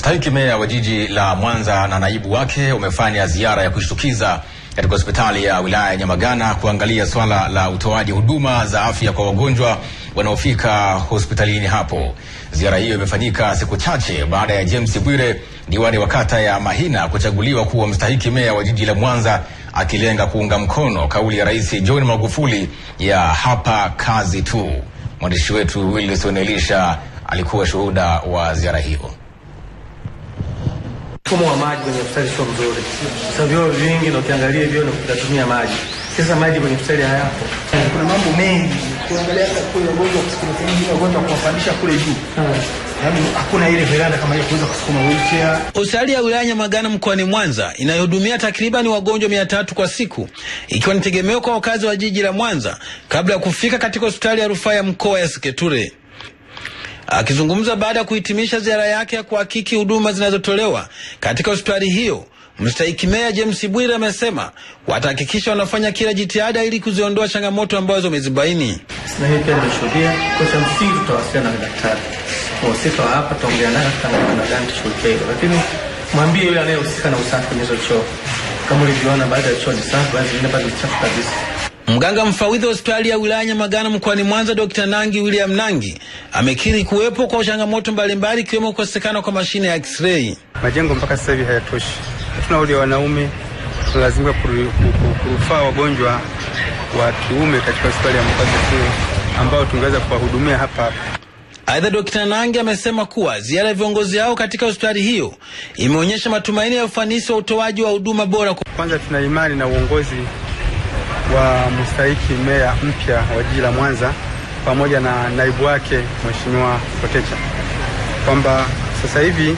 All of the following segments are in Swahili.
Mstahiki meya wa jiji la Mwanza na naibu wake wamefanya ziara ya kushtukiza katika hospitali ya wilaya ya Nyamagana kuangalia swala la utoaji huduma za afya kwa wagonjwa wanaofika hospitalini hapo. Ziara hiyo imefanyika siku chache baada ya James Bwire, diwani wa kata ya Mahina, kuchaguliwa kuwa mstahiki meya wa jiji la Mwanza, akilenga kuunga mkono kauli ya Rais John Magufuli ya hapa kazi tu. Mwandishi wetu Wilson Elisha alikuwa shuhuda wa ziara hiyo mfumo wa maji kwenye futari sio mzuri. Sasa vyoo vingi na ukiangalia hivyo ni kutumia maji. Sasa maji kwenye futari hayapo. Kuna mambo mengi. kuangalia, hata kule ugonjwa kusukuma tena ugonjwa kuwapandisha kule juu. Hmm. Yaani hakuna ile veranda kama ile kuweza kusukuma wheelchair. Hospitali ya wilaya Nyamagana mkoani Mwanza inayohudumia takriban wagonjwa mia tatu kwa siku ikiwa ni tegemeo kwa wakazi wa jiji la Mwanza kabla ya kufika katika hospitali ya rufaa ya mkoa ya Seketure. Akizungumza baada ya kuhitimisha ziara yake ya kuhakiki huduma zinazotolewa katika hospitali hiyo, mstahiki meya James Bwire amesema watahakikisha wanafanya kila jitihada ili kuziondoa changamoto ambazo wamezibaini. Mwambie yule anayehusika na usafi kwenye hizo choo, kama ulivyoona, baada ya choo ni safi, basi ni chafu kabisa. Mganga mfawidhi wa hospitali ya wilaya Nyamagana mkoani Mwanza, Dr Nangi William Nangi amekiri kuwepo kwa changamoto mbalimbali ikiwemo kukosekana kwa mashine ya X-ray. Majengo mpaka sasa hivi hayatoshi, hatuna wodi ya wanaume, tunalazimika kurufaa wagonjwa wa kiume katika hospitali ya mkazi tu ambao tungeweza kuwahudumia hapa. Aidha, Dr Nangi amesema kuwa ziara ya viongozi hao katika hospitali hiyo imeonyesha matumaini ya ufanisi wa utoaji wa huduma bora. Kwanza tuna imani na uongozi wa mstahiki meya mpya wa jiji la Mwanza pamoja na naibu wake Mheshimiwa Kotecha kwamba sasa hivi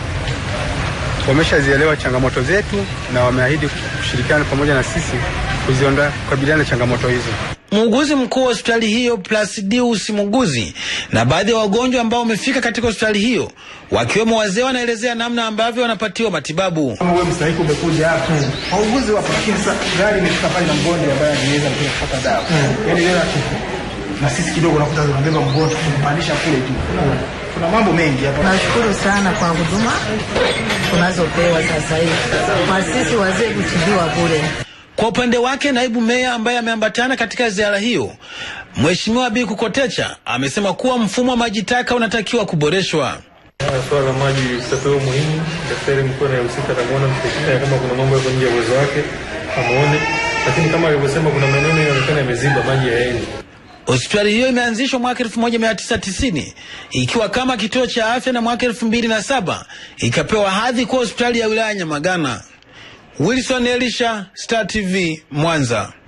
wameshazielewa changamoto zetu na wameahidi kushirikiana pamoja na sisi kuziondoa kukabiliana na changamoto hizo muuguzi mkuu wa hospitali hiyo Plasidius Muuguzi na baadhi ya wagonjwa ambao wamefika katika hospitali hiyo wakiwemo wazee wanaelezea namna ambavyo wanapatiwa matibabu. Wewe mstahiki umekuja hapo, wauguzi wapo, lakini gari imefika pale na mgonjwa ambaye anaweza kupata dawa, yaani leo na sisi kidogo nakuta tunabeba mgonjwa kumpandisha kule juu kuna mambo mengi hapa. Nashukuru sana kwa huduma tunazopewa sasa hivi, kwa sisi wazee kutibiwa bure. Kwa upande wake naibu meya ambaye ameambatana katika ziara hiyo, Mheshimiwa Bi Kukotecha, amesema kuwa mfumo wa maji taka unatakiwa kuboreshwa. Ah, swala la maji safi muhimu, daktari mkuu anayehusika atamuona atamwona eh, kama kuna mambo yako nje ya uwezo wake amuone, lakini kama alivyosema, kuna maeneo yanaonekana yameziba maji hayaendi. Hospitali hiyo imeanzishwa mwaka elfu moja mia tisa tisini ikiwa kama kituo cha afya na mwaka elfu mbili na saba ikapewa hadhi kuwa hospitali ya wilaya ya Nyamagana. Wilson Elisha, Star TV, Mwanza.